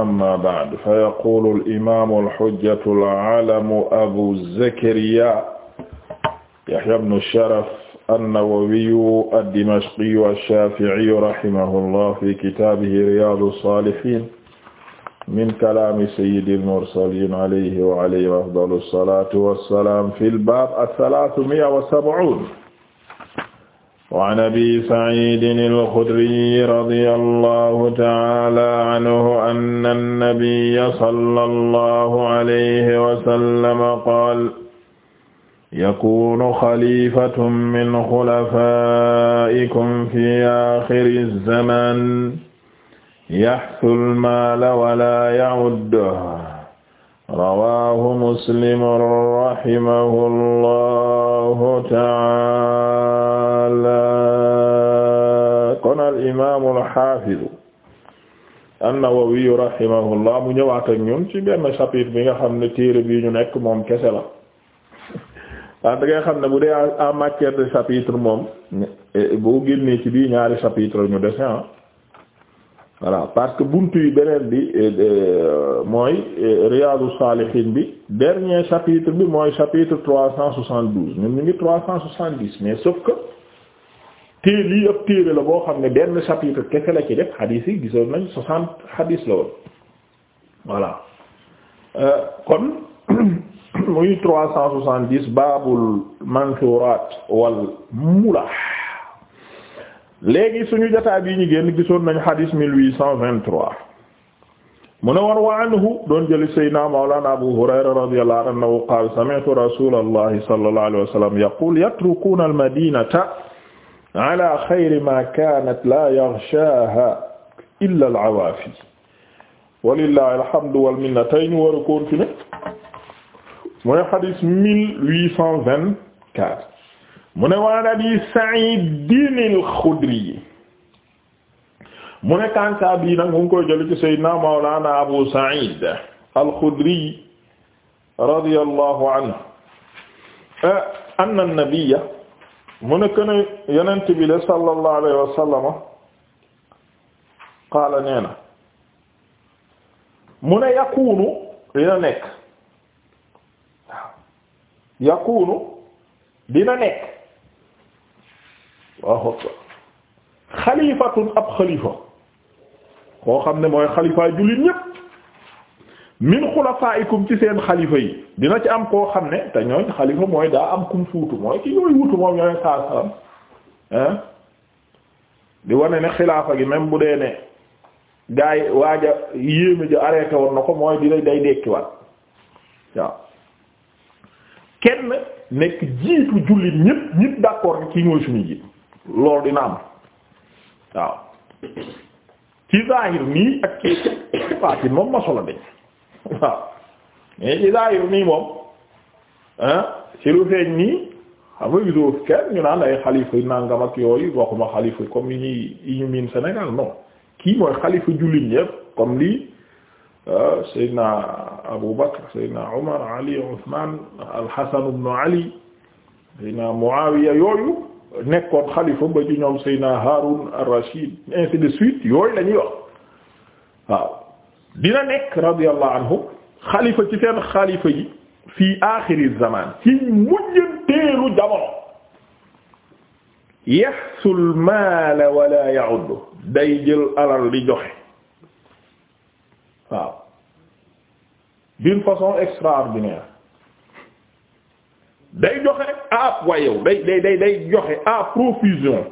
amma ba'd fa yaqulu al-imaamu al-hujjatu al-'alamu abu zakariya yahya ibnu sharaf an-nawawiyyu ad-dimashqiyyu ash-shaafi'iyyu rahimahullah fi kitaabihi riyaadu s-saalihiin min kalaami sayyidil mursaliin alayhi wa alayhi afdalu s-salaatu wa s-salaam fil baab ath-thalaathumi'a wa sab'uun waan abi saciidin alxudriy radiya allahu taala anhu anna annabiya sallallahu alayhi wa sallam qaala yakuunu xaliifatun min xulafaa'ikum fi aaxiri zamaan yaxsu almaala wa laa ya'udduhu rawaahu muslim rahimahullahu ta'ala kon al imaamu al xaafidu an-Nawawi rahimahullah mu ñëwaat ak ñun ci benn chapitre bi nga xam ne téere bii ñu nekk moom kese la waaw da ngay xam ne bu dee en chapitre moom boo génnee ci bii ñaari chapitre ñu dese ah. voilà parce que buntu yi beneen bi euh, euh, mooy euh, Riyâdous-Sâlihîne bi dernier chapitre bi mooy chapitre trois cent soixante-douze ñun ñu ngi trois cent soixante-dix mais sauf que téer lii ëpp la boo xam ne benn chapitre kese la ci def xadiis yi gisoon nañ soixante xadiis la woon voilà kon muy trois cent soixante-dix baabul mansuuraat wal mulah léegi suñu jotaay bii ñu génn gisoon nañu xadiis 1823 mu ne war wa anhu doon jëli sayyidina mawlana abu hurayra radiyallahu anhu qaala sami'tu rasulallahi sallallahu alayhi wa sallam yaqul yatrukuuna almadinata ala xayri ma kaanat la yaghshaaha illa alawaafi walillahi alhamdu wal minna tey ñu war a continuer mooy xadiis 1824 mu ne waan abi Sa'iidin al-Xudri mu ne kansa bii nag mu ngi koy jël ci Seydina Mawlana Abu Sa'iid al-Xudri radiyallahu anhu eh, anna an-nabiyya mu ne ken yonent bi la sallallahu alayhi wa sallama qaala nee na mu ne yakuunu dina nekk waaw yakuunu dina nekk waaw xalifatun ab xalifa koo xam ne mooy xalifaay jullit ñépp min xulafaikum ci seen xalifa yi dina ci am koo xam ne te ñooñ xalifa mooy daa am kum fuutu mooy ki ñooy wutu moom ñooy saa salaam hein di wane ne xilaafa gi même bu dee ne gaa waaja yéeme ja arrêté woon na ko mooy di day dekkiwaat waaw kenn nekk jiitu jullit ñépp ñépp d'accord ki ñooy suñu jiit loolu dina am waaw ci zahir nii ak ci moom ma solo dañ waaw mais ci moom ah ci lu feeñ nii xam nga kenn ñu naan ay xalifa nangam ak yooyu waxuma xalifa kom yi ñuy yi ñu miin Sénégal non kii mooy xalifa jullit ñépp euh, Abu Bakr Seydina Umar Ali Usman Al Hasan ibn Ali Seydina Muawiya yooyu nekkoon xalifa ba ci ñoom Seydina Haarun rashid ainsi de suite yooyu la ñuy wax waaw dina nekk radiyallahu anhu xalifa ci seen xalifa yi fii aaxiri zamaan ci mujjanteelu jamono yaxsul maal wala ya'ud day jël alal di joxe waaw d'une façon extraordinaire day joxe à ah waaye yow day day day joxe à profusion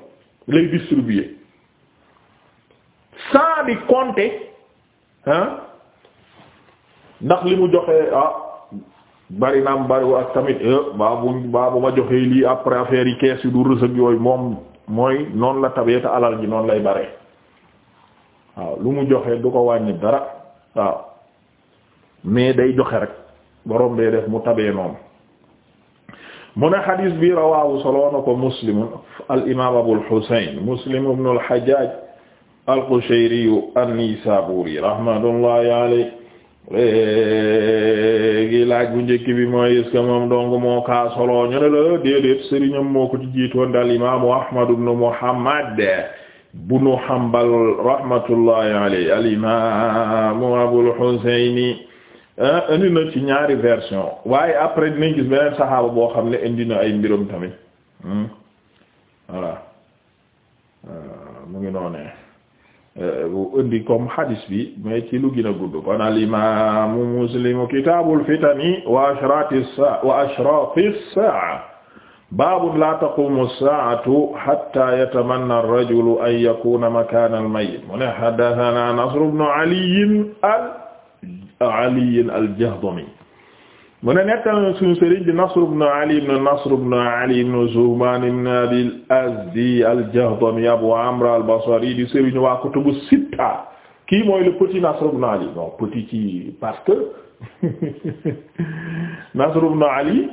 lay distribuer sans di compter hein ndax li mu joxe ah bari naam bariwu ak tamit eh, baabu baabu ma joxe lii après affaire yi kees yi du rësëg yooyu moom mooy noonu la tabee te alal ji noonu lay bare waaw lu mu joxe du ko wàññi dara waaw mais day joxe rek borom bee def mu tabee noonu mu ne bi rawaahu soloo na muslim al imaam abul xusayn muslim ibnu al xajjaaj al qushayriyu an-nisaabuuri rahmatullahi alayhi léegi laaj bu njëkk bi mooy est moom donc moo kaa soloo ñu ne la déedéet sëriñam moo ko ci jiitoon daal imaamu ahmad ibnu muhammad ibnu hanbal rahmatullahi alayhi al imaamu abul xusayni Ah, indi na ci ñaari version waaye après dinañ gis beneen saxaaba boo xam ne indi na ay mbiram tamit hmm? voilà ah, mu ngi noonee eh, bu indi comme hadis bi mais ci lu gën a gudd kon al imaamu muslimu kitaabul fitani wa ashrati saa wa ashrati saa baabun la taqumu saatu hatta yatamanna ar-rajulu an yakuna makaana al-mayyit mu ne haddathana nasr ibn ali al Ali al-Jahdami mu ne nettal na suñu sëriñ di Nasr ibn Ali ibn Nasr ibn Ali ibn Zuhman ibn Abi al al-Jahdami Abu Amr al-Basri di sëriñ waa kutubu sitta kii mooy li petit Nasr ibn Ali bon petit ci parce que Nasr ibn Ali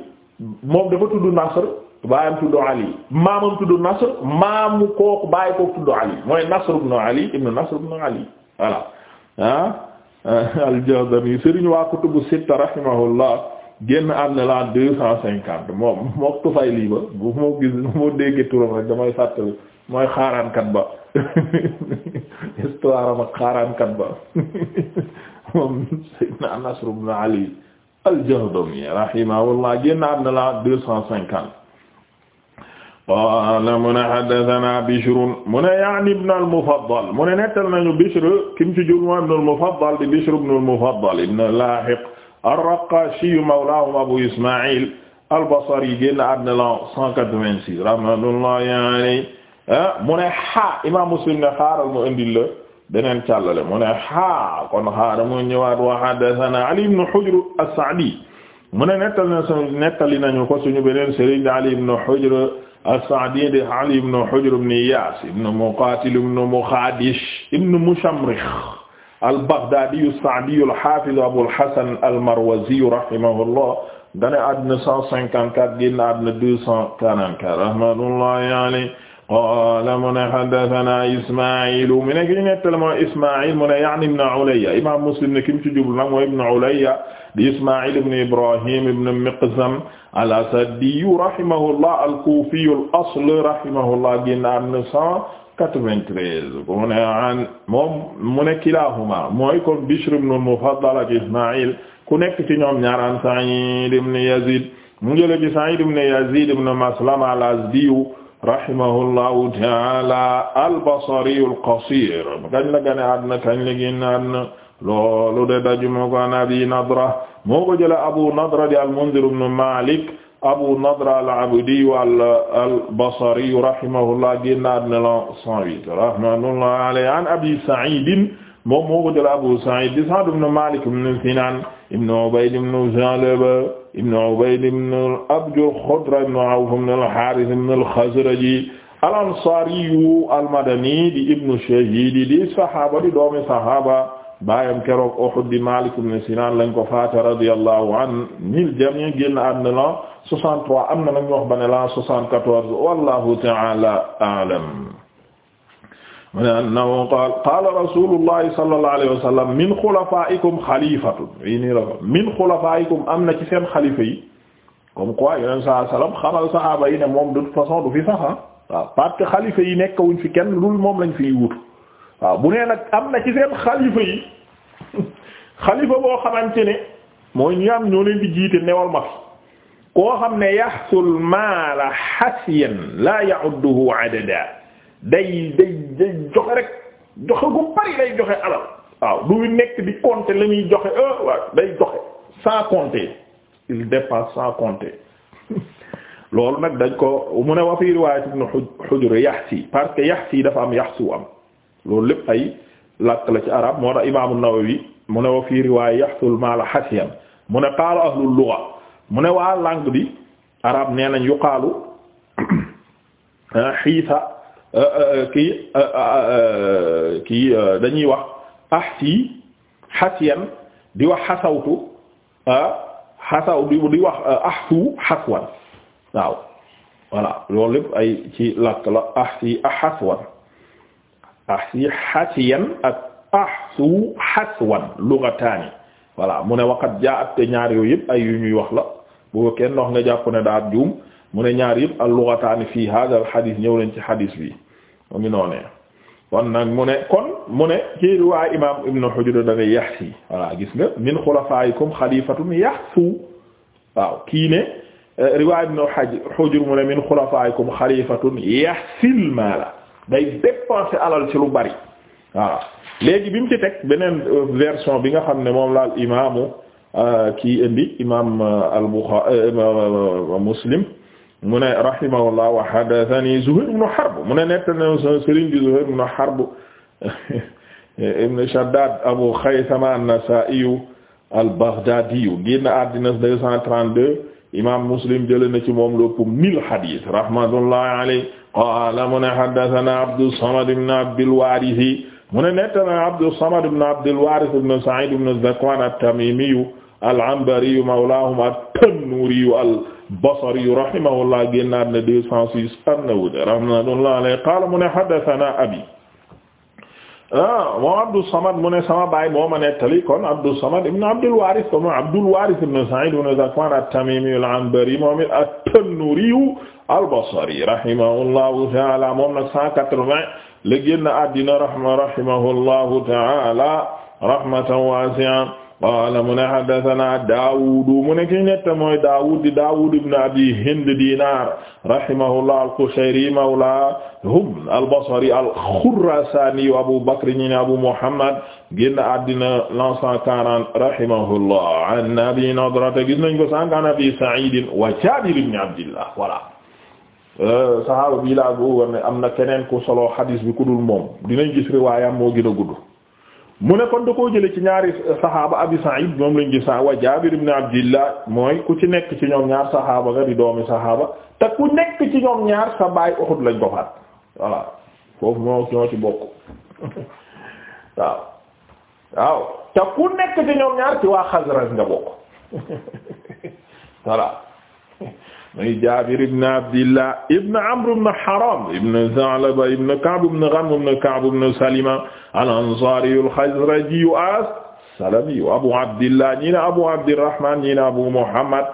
moom dafa tudd Nasr baayam tudd Ali maamam tudd Nasr maamu kooku baay kooku tudd Ali mooy Nasr ibn Ali ibn Nasr ibn Ali voilà ah al-Jahdami sëriñ waa kutubu sitta rahimahullah génn am na la deux cent cinquante moom mook Tufayli ba bu moo gis moo dégg turam rek damay fàttali mooy xaaraankat ba histoire ak xaaraankat ba moom Seydina Anas ibn Ali al-Jahdami rahimahullah génn am na la deux cent cinquante qaala mu ne haddasanaa Bishr mu ne yaani ibn al-Mufaddal mu ne nettal nañu Bishr ki mu ci jur mooy ibn al-Mufaddal di Bishr ibn al-Mufaddal ibn Laahiq ar-Raqaashi mawlaahum Abu Ismaa'iil al-Basri génn àddina la 186 rahmatullahi alayhi ah, mu ne xaa Imaam Muslim ne xaaral mu indil la beneen càllale mu ne xaa kon xaaral mu ñëwaat wa haddasanaa Ali ibn Hujr as-Sa'di mu ne nettal nañu ko suñu beneen sëriñ Ali ibn Hujr as-Sa'di di Ali ibn Hujr ibn Iyas ibn Muqatil ibn Mukhadish ibn Mushamrikh al-Baghdadi as-Sa'di al-Hafiz Abu al-Hasan al-Marwazi rahimahullah dane àddina 154 génn àddina 244 rahmatullahi alayhi qaala mu ne haddathana Isma'il mu ne ki ñu nettali mooy Isma'il mu ne ya'ni ibn Ulayya imaam Muslim ne ki mu ci jublu nag mooy ibn Ulayya di Isma'il ibn Ibrahim ibn Miqsam al-Asadiyu rahimahullah al-Kufiyu al-asl rahimahullah ginnaaw 993 mu ne an moom mu ne kilahuma mooy kon Bishr ibn al-Mufaddal ak Isma'il ku nekk ci ñoom ñaar an Sa'id ibn Yazid mu jële Sa'id ibn Yazid ibn Maslama al-Azdiyu rahimahullahu ta'ala al-Basriyu al-Qasir loolu de daju mu ko an abi nadra moo ko jële abu nadra di al-Munzir ibn Malik abu nadra al-Abdi wal al-Basri rahimahullah génnaat na la 108 rahmatullah alayhi an abi Sa'id moom moo ko jële abu Sa'id di Sa'd ibn Malik ibn Sinan ibn Ubayd ibn Jalaba ibn Ubayd ibn Abjar Khudra ibn Awf ibn al-Harith ibn al-Khazraji al-Ansari al-Madani di ibn Shahid di saxaaba di doomi saxaaba baayam keroog Uhud di Malik ibn Sinan lañ ko faata radiyallahu an mil jamii génn àdduna la 63 am na nag ñu wax ba ne la 74 wallahu ta'ala a'lam annahu min xulafaa'ikum xalifatun yi nii la ko min xulafaa'ikum am na ci seen xalifa yi comme quoi yeneen saa salaam xamal saxaaba yi ne fi sax ah. waaw parce fi kenn waaw bu nee nag am na ci seen xalifa yi xalifa boo xamante ne mooy ñu am ñoo leen di jiite newal ma koo xam ne yaxsul maala xasiyan laa ya'udduhu adada day day day joxe rek joxe gu bari day joxe alal waaw du nekk di compter la muy joxe ah waaw day joxe sans il dépasse sans loolu nag dañ ko mu ne wa fi riwaayat ibn Hujr yaxsi parce que yaxsi dafa am yaxsu am loolu lépp ay lakk la ci arab moo tax imaamu Nawawi mu ne wa fii riwaaya yaxsul maala xasiyan mu ne qaala ahlul lugha mu ne waa langue bi arab nee nañ yuqaalu xiisa kii kii dañuy wax ahsi xasiyan di wax xasawtu ah, xasaw di di wax ah, ahsu xaswan waaw voilà ay ci lakk la ahsi xaswan ahsi hasiyan ak ahsu haswan lughataani voilà mu ne waqat jaat te ñaar yooyu yëpp ay yu ñuy wax la bu kenn wax nga jàpp ne daat juum mu ne ñaar yëpp al lughataani fii hada al ñëw nañ ci hadith bi mu ngi noonee kon nag mu ne kon mu ne ci riwaay imam ibnu Hujr da ngay yahsi gis nga min xulafaa'ikum xalifatun yahsu waaw kii ne eh, riwaay ibnu Hujr mu ne min xulafaa'ikum xalifatun yahsil maala day dépenser alal ci lu bari waaw léegi bi mu ci teg beneen euh, version bi nga xam ne moom laal imaamu euh, kii indi imaam euh, al Buxaari Muslim mu ne rahimahullah wa haddathani Zuhayr ibn Harb mu ne nett na sëriñ bi Zuhayr ibn Harb ibn Shaddad Abu Khaythama an-Nasa'i al-Baghdadi génn àddina 232 imaam Muslim jëlee na ci moom lu ëpp hadith rahmatullahi alayhi qaala mu ne haddathana Abdussamad ibn Abdilwaarith mu ne nettana Abdussamad ibn Abdilwaarith ibn Sa'id ibn Zakwan at-Tamimiyu al-Anbariyu mawlaahum at-Tannuuriyu al-Basriyu rahimahullah génnaat na 206 an-Nawd rahmatullahi alayhi qaala mu ne haddathana abi ah moom Abdus Samad mu ne sama baay moo ma nettali kon Abdus Samad ibn Abdul Waaris moom Abdul Waaris ibn Sa'id ibn Zakwan at-Tamimi al-Anbari moom it at-Tannuri al-Basri rahimahullahu ta'ala moom nag cent quatre-vingts la génn àddina rahma rahimahullahu ta'ala rahmatan wasi'a qaala mu ne haddathana Daawuud mu ne ki nett mooy Daawuud di Daawuud ibn Abi Hind Diinaar rahimahullah al-Qushayri mawlaahum al-Basri al-Khuraasaani Abu Bakr ñi ne Abu Muhammad génn àddina l'an cent quarante rahimahullah an Abi Nadrata gis nañ ko sànq an Abi Sa'iid wa Jaabir ibn Abdillah voilà Euh, saxaaba bii laa boo war ne am na keneen ku solo xadiis bi ku dul moom dinañ gis riwaayam moo gën a gudd mu ne kon da koo jële ci ñaari saxaaba abi Sa'id moom lañ gis wa Jaabir ibn Abdillah mooy ku ci nekk ci ñoom ñaar saxaaba nga di doomi saxaaba te ku nekk ci ñoom ñaar sa baay lañ ko faat voilà foofu ci bokk waaw waa Xasraj nga bokk voilà muy Jaabir ibn Abdillah ibn Amr ibn Haram ibn Za'laba ibn Ka'b ibn Ghanm ibn Ka'b ibn Salima al-Ansari al-Khazraji as-Salami Abu Abdillah ñi ne Abu Abdirrahman ñi ne Abu Muhammad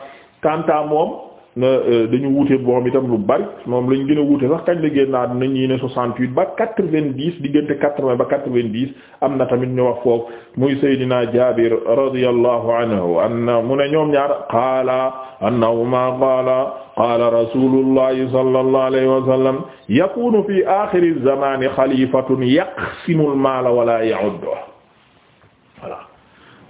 kanta moom na euh, dañu wuute moom itam lu bari moom lañ gën a wuute sax kañ la génn àdduna ñii ne 68 ba 90 diggante 80 ba 90 am na tamit ñu wax foofu muy Seydina Jaabir radiyallahu anhu anna mu ne ñoom ñaar qaala annahuma qaala qaala rasulullahi sallallahu alayhi wa sallam yakunu fi aaxiri zamani xalifatun yaqsimul maala wala ya'udduhu voilà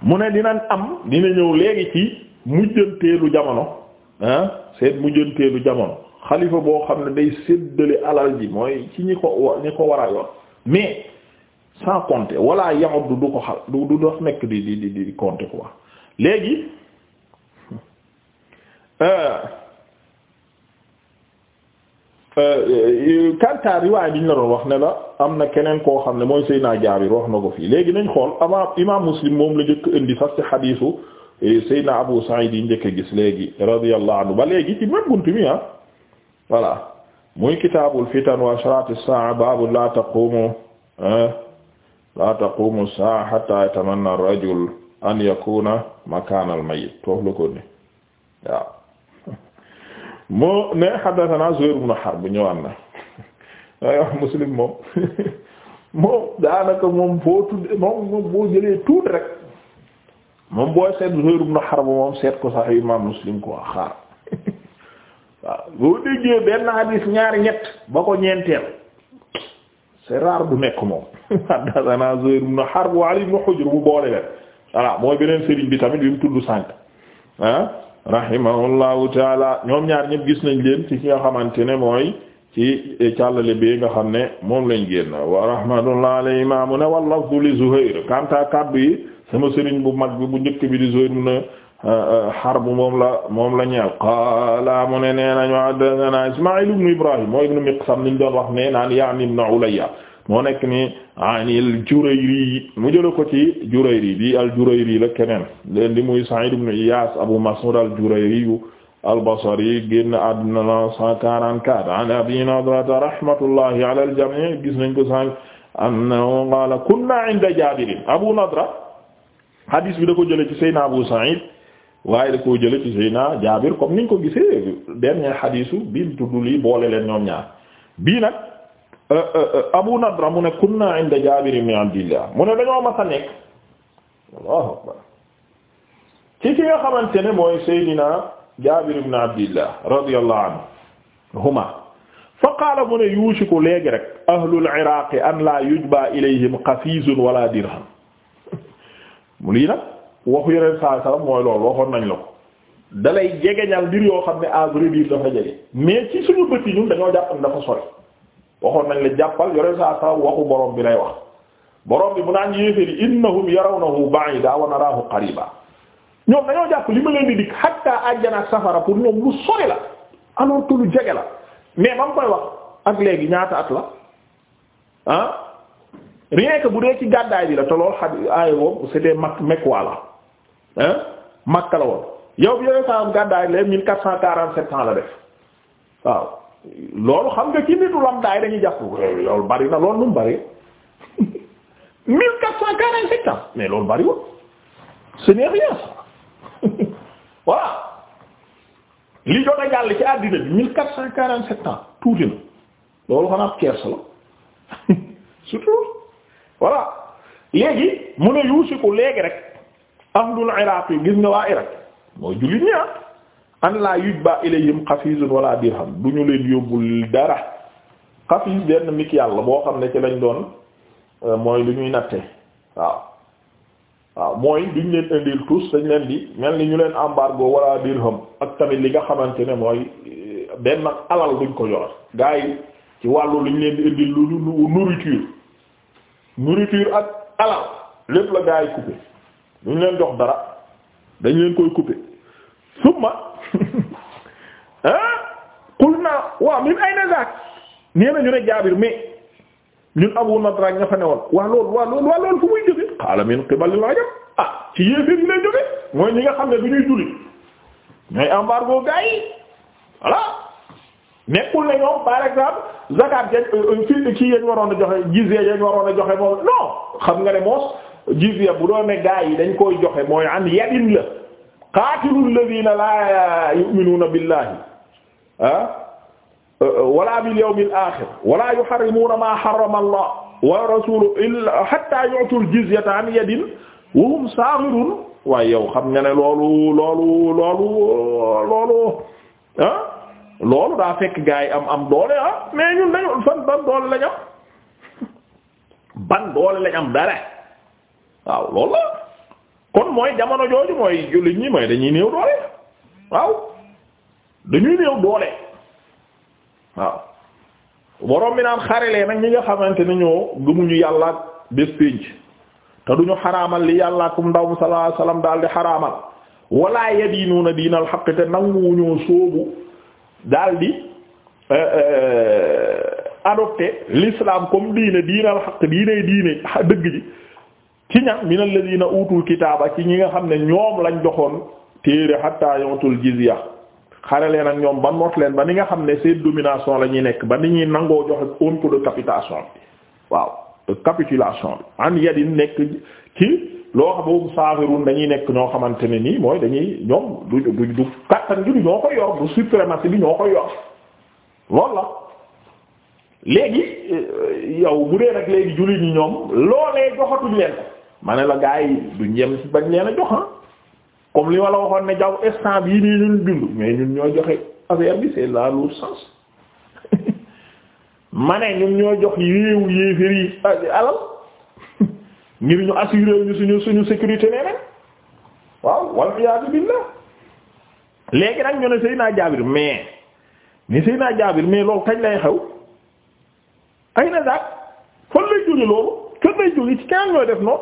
mu ne dina am dina ñëw léegi ci mujjanteelu jamono. ah seet mujjanteelu jamono xalifa boo xam ne day séddale alal ji mooy ci ñi ko ñi ko war a yoon mais sans compter wala yamut du ko xal du du dox nekk di di di di compter quoi léegi kanta euh, euh, riwaay bi ñu la doon wax ne la am na keneen koo xam ne mooy Seydina Jaabir wax na ko fii léegi nañ xool avant imam Muslim moom la jëkk indi sax ci xadiisu Eh, Seydina Abu Sa'id yi njëkk a gis léegi radiyallahu anhu ba léegi ci même buntu mi ah voilà muy kitaabul fitan wa ashrat as-sa'a baabu la taqumu eh, la taqumu as-sa'a hatta yatamanna ar-rajul an yakuna makana al-mayyit foofu la ko ne waaw moo ne haddathana Zuhayr ibn Harb ñëwaan na waaye Muslim moom moom daanaka moom foo tudd moom moom boo jëlee tuuti rek moom booy seet Zuhayr ibn Harb moom seet ko sax imam Muslim ko xaar waaw boo déggee benn hadis ñaari ñett ba ko ñeenteel c'est du nekk moom haddathana Zuhayr ibn Harb wa Ali ibn Hujr bu boole leen voilà mooy beneen sëriñ bi tamit bi mu tudd sànq ah rahimahullahu taala ñoom ñaar ñëpp gis nañ leen ci ki nga xamante ne mooy ci càllale bi nga xam ne moom lañ génn wa rahmatullah alayhi imaamu ne wal lafdu li Zuhayr kanta kaddu yi sama sëriñ bu mag bu njëkk bi di Zuhayr ibn euh, euh, Harb moom la moom la ñeel qaala mu ne nee nañu haddathana Isma'il ibn Ibrahim moo ibn Miqsam liñ doon wax ne naan ya'ni ibn Ulayya moo nekk ni anil Jurayri mu jëla ko ci Jurayri bi al Jurayri la keneen leen di muy Sa'id ibn Iyas Abu Mas'ud al Jurayri al Basri génn àdduna la 144 an Abi Nadrata rahmatullahi ala al jami' gis nañ ko sànq annahu qaala kunna 'inda Jabir Abu Nadra hadis bi da ko jële ci Seyna Abu Sa'id waaye da koo jële ci Seyna Jaabir comme niñ ko gisee dernier hadisu biñ tudd lii boole leen ñoom ñaar bii nag euh, euh, euh, Abu Nadra mu ne kunna inda Jaabir ibn Abdillah mu ne dañoo mas a nekk Allahu akbar ci ki nga xamante ne mooy Seydina Jaabir ibn Abdillah radiyallahu anhuma fa qaala mu ne yuusiku léegi rek ahlul Iraq an la yujba ilayhim qafizun wala dirham mu lii nag waxu yeneen saa salaam mooy lool waxoon nañ la ko dalay jegeñal mbir yoo xam ne à vrai dire dafa jege mais ci suñu bët ñun dañoo jàpp dafa sori waxoon nañ la jàppal yeneen saa salaam waxu borom bi lay wax borom bi mu naan yéeféeri innahum yarawnahu ba'ida wa narahu qariba ñoom dañoo jàpp li ma leen di dikk hatta àjjana ak safara pour ñoom lu sori la alors que lu jege la mais ba mu koy wax ak léegi ñaata at la rien que bu dee ci gàddaay bi la te lool xaj aaya boobu c'était mak mekkwaa la hein makka la woon yow bi yoneen saa gàddaay la mille quatre cent quarante-sept ans la def waaw loolu xam nga ci nitu lam daay dañuy jàpp loolu bari na loolu mu bari mille quatre cent quarante-sept ans mais loolu bari woon ce n'est li jot a jàll ci àddina bi mille quatre cent quarante-sept ans tuuti na loolu xanaa ab kersa la surtout voilà léegi mu ne yuusiku léegi rek ahlul iraq yi gis nga waa iraq mooy jullit ñi ah an la yujba ilayhim xafiisun wala dirham du ñu leen yóbbul dara xafiis benn mikk boo xam ne ci lañ doon euh, mooy lu ñuy natte waaw waaw mooy duñ leen indil tous dañ leen di mel ni ñu leen embargo wala dirham ak tamit li nga xamante ne mooy euh, benn alal duñ ko joxe gaa ci wàllu luñ leen di indil lu nourriture nourriture ak alal lépp la gaa yi coupé duñ leen jox dara dañ leen koy coupé summa ah xul naa waaw min ay na zaak nee na ñu ne jaabir mais ñun abu nadrak ña fa ne woon waa loolu waa loolu waa loolu fu muy jóge xaala min qibalil rajab ah ci yéeféer yi lay jóge mooy ñi nga xam ne bi ñuy julli ñooy embargo gaa yi nekkul ne ñoom par exemple zakat euh, euh, fi kii yañ waroon a joxe jizya yañ waroon a xam nga ne moos jizya bu doon ne yi dañ koy joxe mooy an yadin la qaatilul ladina laa yu'minuuna billahi ah euh, wala bil yawmil axir wala yuharrimuuna maa harrama allah wa rasuluhu illa hatta yu'tul jizyata an yadin wa hum saghirun waaye yow xam nga ne loolu loolu loolu ah? loolu daa fekk gaa yi am am doole ah mais ñun dañu fan ban doole lañ am ban doole lañ dara waaw loolu la kon mooy jamono jooju mooy jullit ñi mooy dañuy néew doole waaw dañuy néew doole waaw borom mi naan xarelee nag ñi nga xamante ne ñoo gëmuñu yàlla bés pénc te duñu xaraamal li yàlla kum ndaw sallallahu salaa wasallam daal di xaraamal wala yadinuuna diinal xaq te nanguwuñoo sóobu. daal di euh, euh, adopté l'islam comme diine diinal xaq diine diine dëgg ji ci ña min alladina utul kitaaba ci ñi nga xam ne ñoom lañ joxoon téere hatta yontul jizya xare leen ak ñoom ba noot leen ba ni nga xam ne seen domination la ñuy nekk ba ni ñuy nangoo joxe honte de capitation bi waaw de capitulation bi an nekk ci loo xam boobu saafirun dañuy nekk ñoo xamante ne nii mooy dañuy ñoom du du du kàttan gi du ñoo ko yor du suprématie bi ñoo ko yor loolu la léegi euh, yow bu dee rek léegi jullit ñi ñoom loolee joxatuñ leen ko ma la gaa yi duñ yem bañ leen a jox ah. comme li ma la waxoon ne jaw instant yi nii ñun dund mais ñun ñoo joxe affaire bi c'est la lourde sens ma ñun ñoo jox yéewu yéeféer yi euh, ngir ñu assurer ñu suñu suñu sécurité nee waaw wal iyaadu billah léegi nag ñu ne naa Jaabir mais ni Seydina Jaabir mais loolu kañ lay xew ay na daal fan lay julli loolu fan lay julli ci kan ñooy def noonu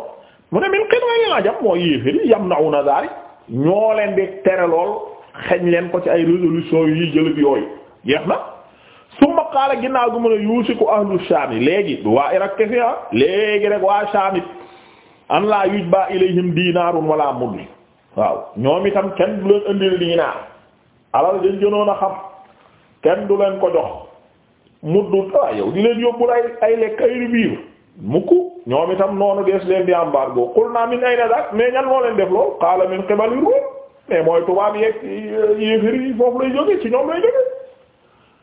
mu ne min qira'il ajam mooy yéeféri yamna'una zalik ñoo leen di tere lool xeñ leen ko ci ay résolution yi jëlëb yooyu jeex na summa qaala ginnaaw gi mu ne yuusiku ahlu Shaam yi léegi waa Irak kese ah, léegi rek waa Shaam it an laa yuj ba dinaarun wala mudd waaw ñoom itam kenn du leen indil diinaar alal dañ gënoon a xam kenn du leen ko jox muddut ah yow di leen yóbbul ay ay lekk ay rivière mukk ñoom itam noonu dees leen di embargo xul naa min ay na daal mais ñan moo leen def lool xaala min xibali ruum mais mooy tubaab yeeg yéefar yi foofu lay jóge ci ñoom lay jóge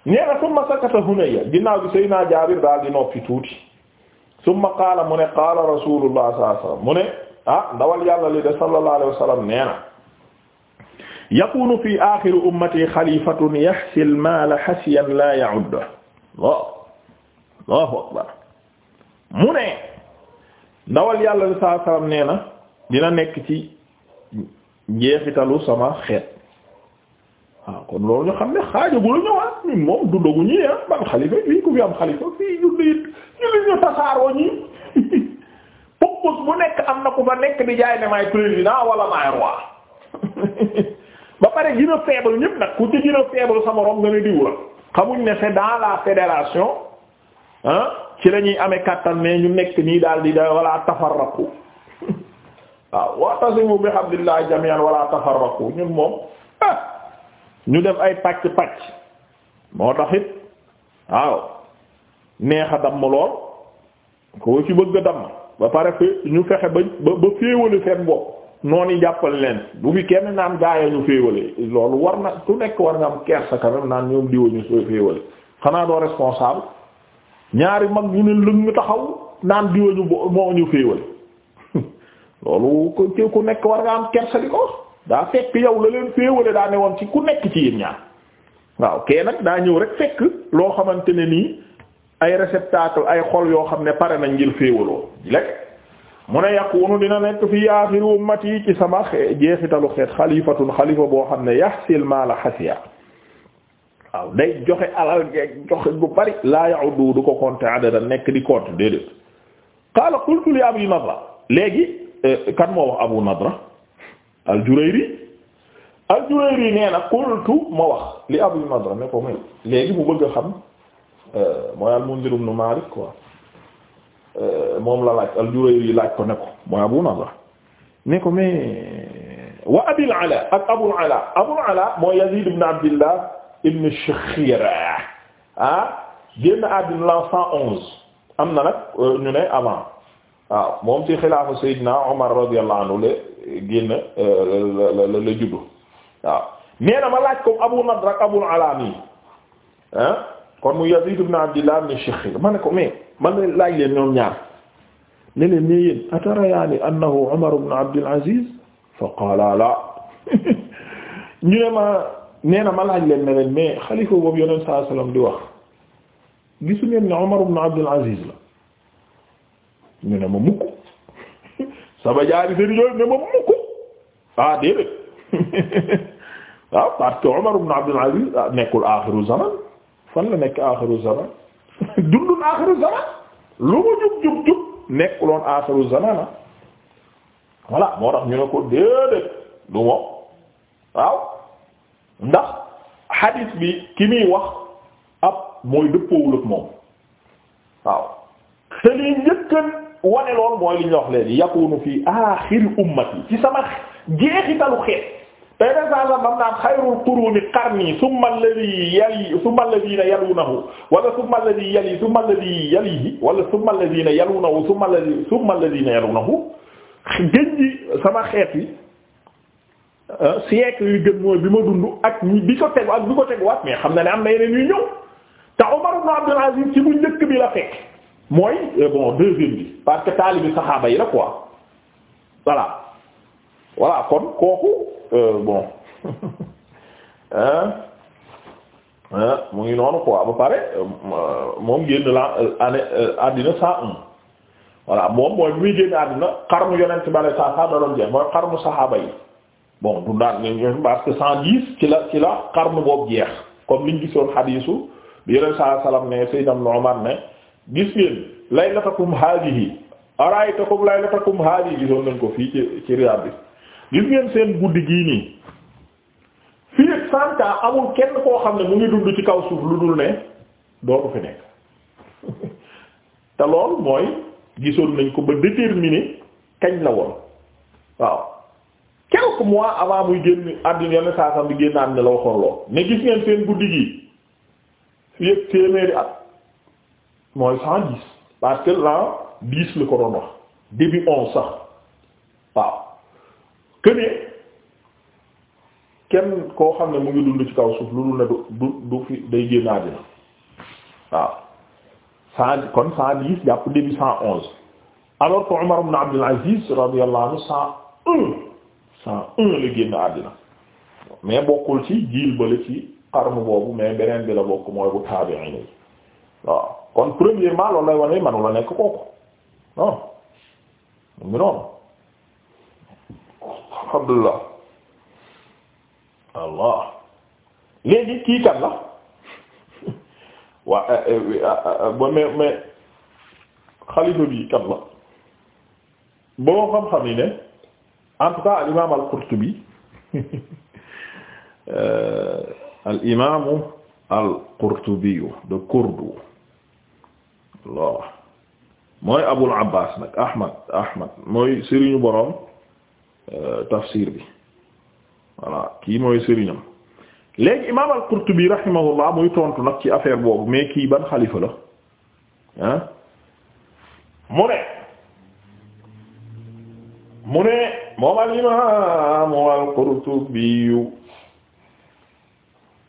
ñeena summa sakata Hunayya ginnaaw gi Seydina Jaabir daal di noppi tuuti summa qaala mu ne qaala Rasulullah sallallahu alayhi mu ne ah ndawal yàlla li de sallallahu alayhi wa sallam nee na yakunu fi aaxiri ummati xalifatun yaxsi almaal xasiyan laa ya'uddu Allah akbar mu ne ndawal yàlla li sallallahu alayhi wa sallam na dina nekk ci njeexitalu sama xeet waaw ah, kon loolu ñu xam ne xaajagul ñëwaat ah, ñun moom dundagu ñi ah ban xalifa fii ku fi am xalifa fii ñu ne ñu tasaaroo ñi bu nekk am na ku ba nekk di jaay ne maay président wala maay roi ba pare gën a faible nag ku ci gën a faible sa morom nga ne diw xamuñ ne c'est dans la fédération ci la ñuy amee kattan mais ñu nekk nii daal di da wala tafarraqu waaw wa'tasimu bi hablillahi jami'an wala tafarraqu ñun moom ah, ñu def ay pàcc pàcc moo tax waaw neex damm lool koo ci bëgg damm. ba pare fe ñu fexe ba ba féewale seen noon yi jàppale leen bu fi kenn naan gaaya ñu féewale loolu war na ku nekk war nga am kersa quand même naan ñoom diwa ñu soo féewale xanaa doo responsable ñaari mag ñu ne lëg ñu taxaw naan diwa ñu moo ñu féewale loolu ku ku nekk war nga am kersa di ko daa fekk yow la leen féewale daa ne woon ci ku nekk ci yéen ñaar waaw kee nag daa ñëw rek fekk loo xamante ne nii ay réceptacle ay xol yoo xam ne pare nañ ngir féewaloo lekk mu ne yakunu dina nekk fi aaxiri ummati ci sama jeexitalu xeet xalifatun xalifa boo xam ne yaxsil maala xasiya waaw day joxe alal joxe bu bari laa ya'udu du ko compter adada nekk di compter déedéet qaala qultu li abi nadra léegi eh, kan moo wax abu nadra al-Jurayri al nee na qultu ma wax li abi nadra ne ko muy léegi mu bëgg a xam Euh, mooy al-Munzir ibn Malik quoi euh, moom la laaj al-Jurayri laaj ko ne ko mooy Abu Nadr ne ko mais wa Abil Ala ak Abul Ala Abul Ala mooy Yazid ibn Abdillah ibn Shakhira ah génn àddina la cent onze am na nag euh, ñu ne avant waaw moom ci xilaafu Seydina Omar radiyallahu anhu la génn la la la juddu waaw nee na ma laaj ko Abu Nadr ak Abul Ala nii ah kon mu Yazid ibn Abdillah ibn Shikhkhir ma ne ko mais ma laaj leen ñoom ñaar ne leen ne yéen atarayaani annahu Umar ibn Abdul Aziz fa qaala la ñu ne ma nee na ma laaj leen ne leen mais xalifa boobu yonent sallallahu alayhi wasallam di wax gisu ngeen ne Umar ibn ne ma mukk sama jaari seen yooyu ne ma mukk ah déedéet waaw parce que Umar ibn Abdul Aziz ah, nekkul zaman fan la nekk aaxiru zaman dundul aaxiru zaman lu mu jub jub jub nekkuloon aaxiru zaman ah moo tax ñu ne ko déedéet du moom waaw ndax hadith bi ki muy wax ab mooy dëppoowul ak moom waaw te lii njëkkan mooy li ñu wax yakunu fi aaxiri ummati ci sama jeexitalu xeet tey de saa la bam naan xayrul quruni qarni summa alladhi yali summa alladhina yalunahu wala summa alladhi yali summa alladhi yalihi wala summa alladhina yalunahu summa alladhi summa alladhina yalunahu gën ji sama xeet yi ah, siècle yu gën mooy bi ma dund ak bi ko tegu ak bi ko teguwaat mais xam na ne am na yeneen yu ñëw te Umar ibn Abdul Aziz ci bu njëkk bi la fekk mooy eh, bon deuxième bi parce que taalibi saxaaba yi la quoi voilà. voilà kon kooku euh, bon mu ngi noonu quoi ba pare euh, moom génn la euh, année àddina cent un voilà moom mooy muy génn àddina xarnu yonent bale saa saa da doon jeex mooy xarnu saxaaba yi bon du daan parce que cent dix ci la ci la xarnu boobu jeex comme liñ gisoon xadiisu bi yonent saa salaam ne Seydina Umar ne gis ngeen laylatakum haadihi araytakum laylatakum haadihi gisoon nañ ko fii ci ci Riyad bi gis ngeen seen guddi gii nii fii ak santa amul kenn koo xam ne mu ngi dund ci kaw suuf lu dul ne doo ko fi nekk te lool mooy gisoon nañ ko ba déterminer kañ la woon waaw quelques mois avant muy génn àddina yone saa sam bi génn àddina la waxoon lool mais gis ngeen seen guddi gi fii ak téeméeri at mooy cent dix parce la ko doon wax début onze sax ne kenn koo xam ne mu ngi dund ci kaw suuf lu dul ne du du du fi day génn àddina waaw cent kon cent dix jàpp début cent onze alors que Umar ibn Abdul Aziz radiyallahu anhu cent un cent un la génn àddina mais bokkul ci jiil bale ci xarnu boobu mais beneen bi la bokk mooy bu taabi'in yi waaw kon premièrement loolu lay wane manu la nekk kooku non mu ngi fadlillah allah léegi kii kan la waa eh, eh, eh, ah, ba ah, ah, mais mais xalifa bi kan boo al imaam al qurtubi al imaamu al qurtubiyu de kurdu Allah mooy abul abbas nag ahmad ahmad mooy sëriñu boroom Euh, tafsir bi voilà kii mooy sëriñam léegi imaam al-Qurtubi rahimahullah muy tontu nag ci affaire boobu mais kii ban xalifa la mu ne mu ne moom al imaam al-Qurtubi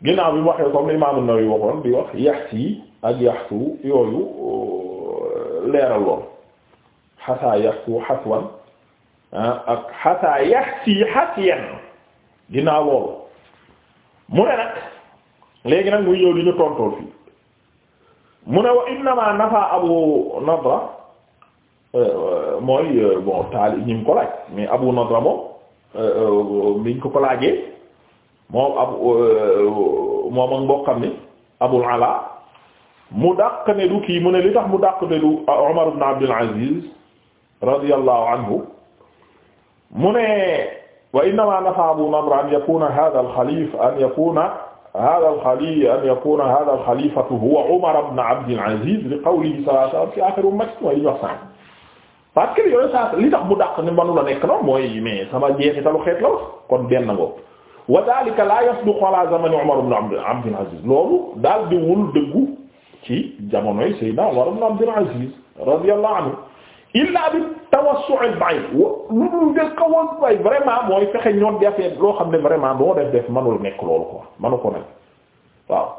ginnaaw bi mu waxee comme imaam an-Nawawi waxoon wax yaxsi ak yaxsu yooyu euh, leeral lool xasaa yaxsu xaswan Ah, ak xasaa yax xas yen ginnaaw loolu mu ne nag léegi nag muy ñëw di ñu tontool fii mu ne wa innama nafa abu nadra euh, mooy euh, bon taali ko laaj mais abu nadra moom euh, biñ ko ko laajee moom abu moom ak mbokkam ni abul ala mu dàq ne du kii mu ne li tax mu dàq ne du Umar ibn Abdul Aziz radiyallahu anhu mu ne wa innama nafa'a Abu Namr an yakuna hadha al-khalifa an yakuna hadha al-khalifa an yakuna hadha al-khalifatu huwa Umar ibn Abd al-Aziz li qawlihi sallallahu alayhi wa sallam fi akhir ummati mooy li ñu wax sànq parce que yooyu saa li tax mu dàq ni manu la nekk noonu mooy mais sama jeexitalu xeet la wax kon benn ngoog wa dhalika la yasduqu ala zamani Umar ibn Abd al-Aziz loolu daal di wul dëggu ci jamonoy Seydina Umar ibn Abd al-Aziz radiyallahu anhu illaa bi tawassu'il ba'id wa lu dul de xaw a bay vraiment mooy fexe ñoom jafee loo xam ne vraiment boo def def manul nekk loolu ko manu ko nekk waaw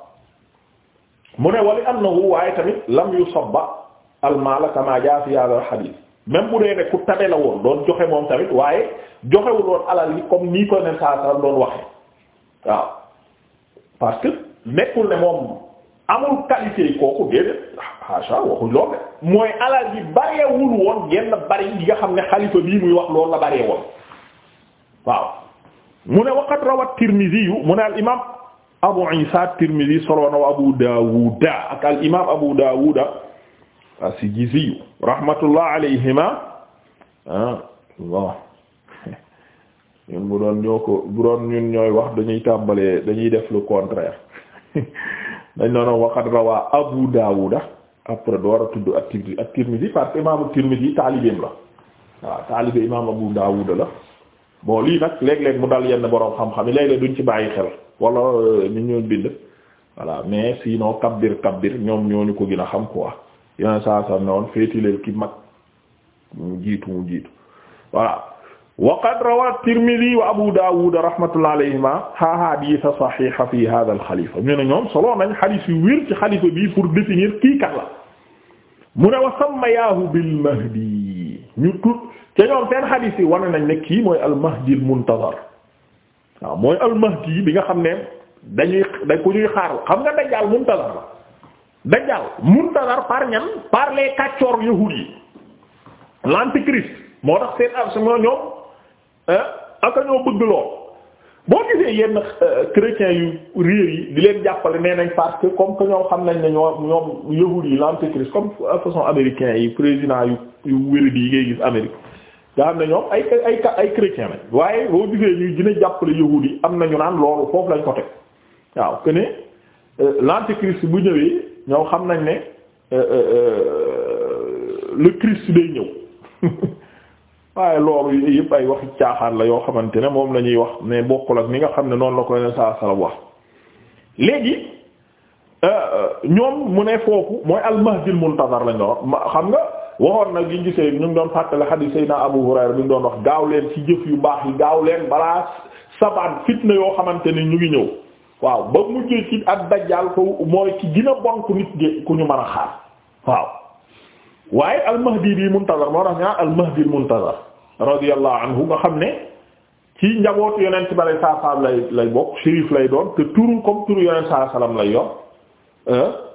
mu ne wali annahu waaye tamit lam yusabba almaala kama jaa fi hadha alhadith même bu dee ne ku tabe la woon doon joxe moom tamit waaye joxewul woon alal yi comme nii ko ne saa saa doon waxe waaw parce que nekkul ne moom amul qualité yi kooku déedéet haasha waxuñ lool de mooy alal ji bareewul woon genn bari yi nga xam ne xalifa bii muy wax loolu la baree woon waaw mu ne waqat rawat Tirmidhi mu ne al imam Abu Isa ak al imam Abu Dawuda as-Sijizi yu rahmatullah alayhima bon ah, ñun bu doon ñoo ko bu doon ñun ñooy wax dañuy tàmbalee dañuy def le contraire dañ noonu waqad rawaa Abu Daawuda après war a tudd at-Tirmidhi parce que imaamu Tirmidhi taalibeem la waaw taalibe imaam Abu Daawuda la bon lii nag léeg-léeg mu dal yenn boroom xam-xam yi léeg-léeg duñ ci bàyyi xel wala euh, ni ñoo bind voilà mais sinon kabbir kabbir ñoom ñoo ñu ko gën a xam quoi yeneen saa saa ne woon féetileel ki mag mu jiitu mu jiitu voilà. wa qad rawaa Tirmidi wa Abu Daawud rahmatullahi alayhima ha hadiisa a fi haaza al-xalifa ñu ne ñoom solo nañ xadis yu wér ci xalifa bi pour définir kii kan la mu ne wa sammayaahu bil mahdi ñu tudd te ñoom seen xadis yi wane nañ ne kii mooy al-mahdi mooy al bi nga xam ne dañuy dañ ko ñuy xaar xam nga dajjaal muntazar la dajjaal par ñan par les kàccoor yahuud yi l'antichrist moo tax seen ñoom. aka ñoo bëgg lool boo gisee yenn euh, chrétiens yu réer yi di leen jàppale nee nañ parce comme que ñoom xam nañ ne ñoo ñoom yahud yi l'antéchrist comme façon américain yi président yu yu wéri yi ngay gis Amérique nga xam ne ñoom ay ay ay chrétiens waaye boo gisee ñuy dina jàppale yahud yi am nañu naan loolu foofu lañ ko waaw que ne euh, bu ñëwee ñoom xam nañ ne euh, le Christ day ñëw waaye loolu yépp ay waxi caaxaan la yoo xamante ne moom la ñuy wax mais bokkul ak ni nga xam ne noonu la ko yeneen saa sala wax léegi euh, euh, ñoom mu ne foofu mooy almahdil muntazar lañ la wax xam nga waxoon nag liñ gisee ñu ngi doon fàttale hadith Seydina Abu Hurayra bi ñu doon wax gaaw leen ci jëf yu baax yi gaaw leen balaa sabaan fitna yoo xamante ni ñu ngi ñëw waaw ba mujjee ci ak dajjaal ko mooy ci gën a bon ku nit gi ku ñu mën a xaar waaw waaye almahdi bi muntazar moo tax ñu radiyallahu anhu nga xam ne ci njabootu yonent ba lay saa lay lay bokk shérif lay doon te turu comme turu yonent saa salaam lay yor